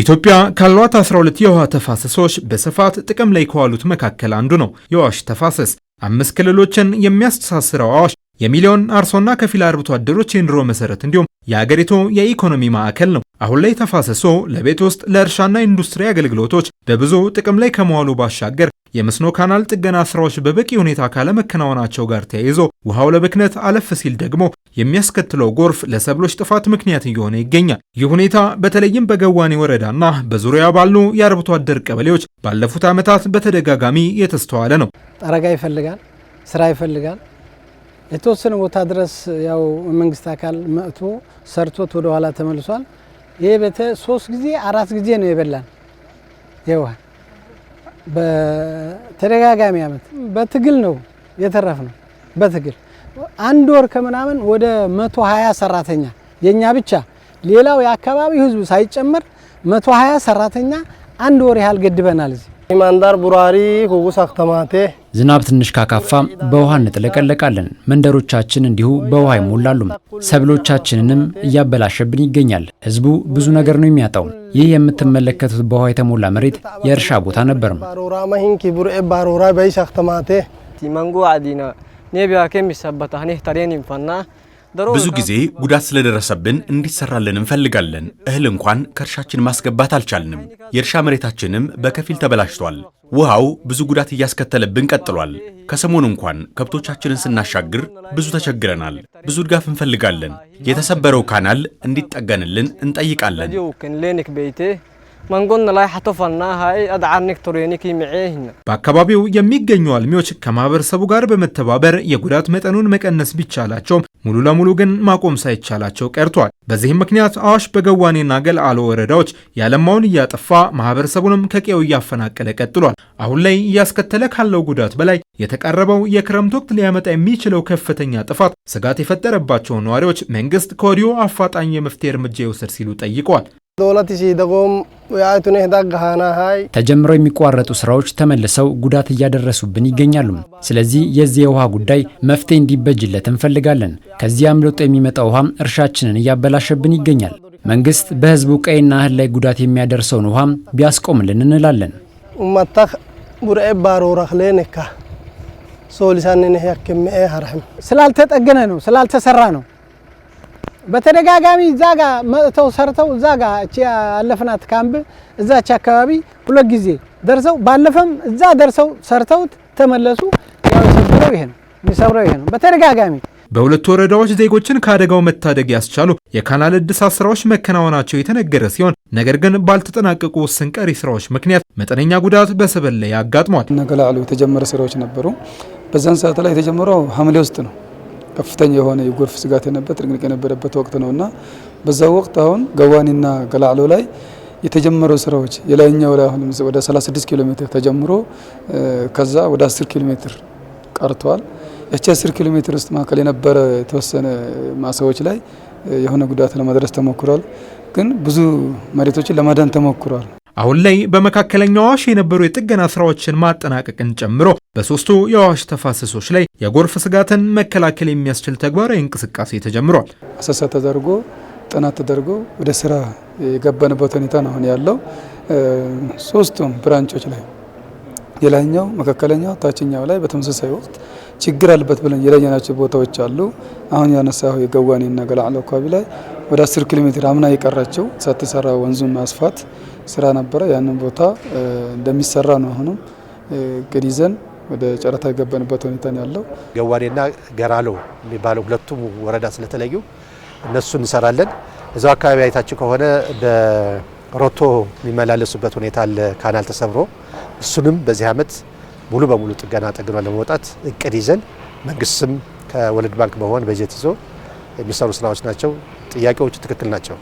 ኢትዮጵያ ካሏት 12 የውሃ ተፋሰሶች በስፋት ጥቅም ላይ ከዋሉት መካከል አንዱ ነው የአዋሽ ተፋሰስ። አምስት ክልሎችን የሚያስተሳስረው አዋሽ የሚሊዮን አርሶና ከፊል አርብቶ አደሮች የኑሮ መሰረት እንዲሁም የአገሪቱ የኢኮኖሚ ማዕከል ነው። አሁን ላይ ተፋሰሶ ለቤት ውስጥ ለእርሻና ኢንዱስትሪ አገልግሎቶች በብዙ ጥቅም ላይ ከመዋሉ ባሻገር የመስኖ ካናል ጥገና ስራዎች በበቂ ሁኔታ ካለመከናወናቸው ጋር ተያይዞ ውሃው ለብክነት አለፍ ሲል ደግሞ የሚያስከትለው ጎርፍ ለሰብሎች ጥፋት ምክንያት እየሆነ ይገኛል። ይህ ሁኔታ በተለይም በገዋኔ ወረዳና በዙሪያ ባሉ የአርብቶ አደር ቀበሌዎች ባለፉት ዓመታት በተደጋጋሚ የተስተዋለ ነው። ጠረጋ ይፈልጋል፣ ስራ ይፈልጋል። የተወሰነ ቦታ ድረስ ያው መንግስት አካል መጥቶ ሰርቶት ወደኋላ ኋላ ተመልሷል። ይሄ ቤተ ሶስት ጊዜ አራት ጊዜ ነው የበላን ይዋ በተደጋጋሚ ዓመት በትግል ነው የተረፍ ነው በትግል አንድ ወር ከምናምን ወደ 120 ሰራተኛ የኛ ብቻ ሌላው የአካባቢው ህዝብ ሳይጨመር 120 ሰራተኛ አንድ ወር ያህል ገድበናል። እዚህ ማንዳር ቡራሪ ሁጉሳ ከተማቴ ዝናብ ትንሽ ካካፋ በውሃ እንጥለቀለቃለን። መንደሮቻችን እንዲሁ በውሃ ይሞላሉ። ሰብሎቻችንንም እያበላሸብን ይገኛል። ህዝቡ ብዙ ነገር ነው የሚያጣው። ይህ የምትመለከቱት በውሃ የተሞላ መሬት የእርሻ ቦታ ነበርም። ብዙ ጊዜ ጉዳት ስለደረሰብን እንዲሰራልን እንፈልጋለን። እህል እንኳን ከእርሻችን ማስገባት አልቻልንም። የእርሻ መሬታችንም በከፊል ተበላሽቷል። ውሃው ብዙ ጉዳት እያስከተለብን ቀጥሏል። ከሰሞኑ እንኳን ከብቶቻችንን ስናሻግር ብዙ ተቸግረናል። ብዙ ድጋፍ እንፈልጋለን። የተሰበረው ካናል እንዲጠገንልን እንጠይቃለን። መንጎን ላይ ሀይ አድዓኒክ ቱሪኒክ ይምዕህና በአካባቢው የሚገኙ አልሚዎች ከማህበረሰቡ ጋር በመተባበር የጉዳት መጠኑን መቀነስ ቢቻላቸውም ሙሉ ለሙሉ ግን ማቆም ሳይቻላቸው ቀርቷል። በዚህም ምክንያት አዋሽ በገዋኔና ገልአሎ ወረዳዎች ያለማውን እያጠፋ ማህበረሰቡንም ከቀዬው እያፈናቀለ ቀጥሏል። አሁን ላይ እያስከተለ ካለው ጉዳት በላይ የተቃረበው የክረምት ወቅት ሊያመጣ የሚችለው ከፍተኛ ጥፋት ስጋት የፈጠረባቸው ነዋሪዎች መንግስት ከወዲሁ አፋጣኝ የመፍትሄ እርምጃ ይውሰድ ሲሉ ጠይቀዋል። ተጀምረው የሚቋረጡ ስራዎች ተመልሰው ጉዳት እያደረሱብን ይገኛሉ። ስለዚህ የዚህ የውሃ ጉዳይ መፍትሄ እንዲበጅለት እንፈልጋለን። ከዚህ አምልጦ የሚመጣ ውሃም እርሻችንን እያበላሸብን ይገኛል። መንግስት በህዝቡ ቀይና እህል ላይ ጉዳት የሚያደርሰውን ውሃም ቢያስቆምልን እንላለን። ስላልተጠገነ ነው፣ ስላልተሰራ ነው። በተደጋጋሚ እዛ ጋ መጥተው ሰርተው እዛ ጋ ያለፍናት ካምብ እዛች አካባቢ ሁለት ጊዜ ደርሰው ባለፈም እዛ ደርሰው ሰርተው ተመለሱ። ያው ሰብረው ይሄ ነው የሚሰብረው ይሄ ነው በተደጋጋሚ በሁለቱ ወረዳዎች ዜጎችን ከአደጋው መታደግ ያስቻሉ የካናል እድሳት ስራዎች መከናወናቸው የተነገረ ሲሆን ነገር ግን ባልተጠናቀቁ ውስን ቀሪ ስራዎች ምክንያት መጠነኛ ጉዳት በሰበል ላይ አጋጥሟል። ነገ የተጀመረ ስራዎች ነበሩ። በዛን ሰዓት ላይ የተጀመረው ሐምሌ ውስጥ ነው። ከፍተኛ የሆነ የጎርፍ ስጋት የነበት ጭንቅንቅ የነበረበት ወቅት ነው እና በዛ ወቅት አሁን ገዋኔና ገላዕሎ ላይ የተጀመረው ስራዎች የላይኛው ላይ አሁን ወደ 36 ኪሎ ሜትር ተጀምሮ ከዛ ወደ 10 ኪሎ ሜትር ቀርቷል። ያቺ 10 ኪሎ ሜትር ውስጥ መካከል የነበረ የተወሰነ ማሳዎች ላይ የሆነ ጉዳት ለማድረስ ተሞክሯል፣ ግን ብዙ መሬቶችን ለማዳን ተሞክሯል። አሁን ላይ በመካከለኛው አዋሽ የነበሩ የጥገና ስራዎችን ማጠናቀቅን ጨምሮ በሶስቱ የአዋሽ ተፋሰሶች ላይ የጎርፍ ስጋትን መከላከል የሚያስችል ተግባራዊ እንቅስቃሴ ተጀምሯል። አሰሳ ተደርጎ ጥናት ተደርጎ ወደ ስራ የገባንበት ሁኔታ ነው አሁን ያለው። ሶስቱም ብራንቾች ላይ የላይኛው፣ መካከለኛው፣ ታችኛው ላይ በተመሳሳይ ወቅት ችግር አለበት ብለን የለየናቸው ቦታዎች አሉ። አሁን ያነሳሁ የገዋኔና ገላዕሎ አካባቢ ላይ ወደ 10 ኪሎ ሜትር አምና የቀራቸው ሳትሰራ ወንዙን ማስፋት ስራ ነበረ። ያንን ቦታ እንደሚሰራ ነው። አሁንም እቅድ ይዘን ወደ ጨረታ የገባንበት ሁኔታ ነው ያለው። ገዋዴና ገራሎ የሚባለው ሁለቱም ወረዳ ስለተለዩ እነሱን እንሰራለን። እዛው አካባቢ አይታችሁ ከሆነ በሮቶ የሚመላለሱበት ሁኔታ አለ፣ ካናል ተሰብሮ እሱንም በዚህ ዓመት ሙሉ በሙሉ ጥገና ጠግኗል ለመውጣት እቅድ ይዘን መንግስትም ከወልድ ባንክ በመሆን በጀት ይዞ የሚሰሩ ስራዎች ናቸው። ጥያቄዎቹ ትክክል ናቸው።